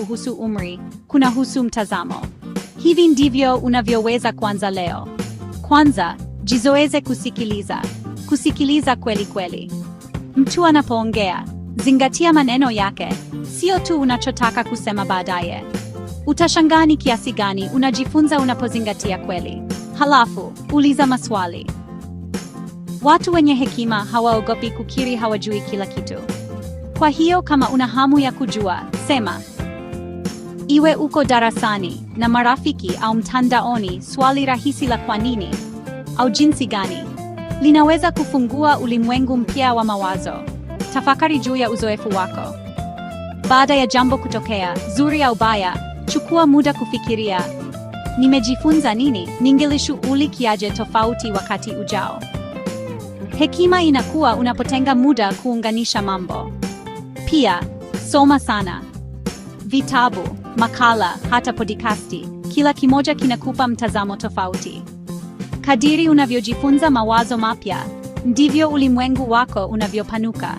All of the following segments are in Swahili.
kuhusu umri kunahusu mtazamo. Hivi ndivyo unavyoweza kuanza leo. Kwanza, jizoeze kusikiliza. Kusikiliza kweli kweli. Mtu anapoongea, zingatia maneno yake, sio tu unachotaka kusema baadaye. Utashangaa ni kiasi gani unajifunza unapozingatia kweli. Halafu, uliza maswali. Watu wenye hekima hawaogopi kukiri hawajui kila kitu. Kwa hiyo kama una hamu ya kujua, sema, Iwe uko darasani na marafiki au mtandaoni, swali rahisi la kwa nini au jinsi gani linaweza kufungua ulimwengu mpya wa mawazo. Tafakari juu ya uzoefu wako baada ya jambo kutokea, zuri au baya. Chukua muda kufikiria, nimejifunza nini? Ningelishughulikiaje tofauti wakati ujao? Hekima inakuwa unapotenga muda kuunganisha mambo. Pia soma sana vitabu makala, hata podikasti, kila kimoja kinakupa mtazamo tofauti. Kadiri unavyojifunza mawazo mapya, ndivyo ulimwengu wako unavyopanuka.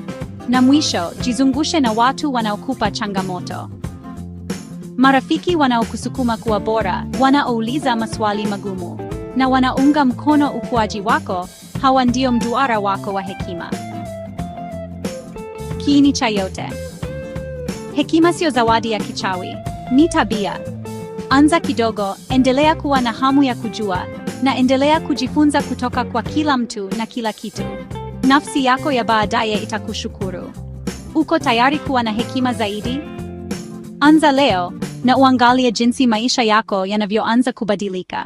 Na mwisho, jizungushe na watu wanaokupa changamoto, marafiki wanaokusukuma kuwa bora, wanaouliza maswali magumu na wanaunga mkono ukuaji wako. Hawa ndio mduara wako wa hekima. Kiini cha yote, hekima sio zawadi ya kichawi ni tabia. Anza kidogo, endelea kuwa na hamu ya kujua na endelea kujifunza kutoka kwa kila mtu na kila kitu. Nafsi yako ya baadaye itakushukuru. Uko tayari kuwa na hekima zaidi? Anza leo na uangalie jinsi maisha yako yanavyoanza kubadilika.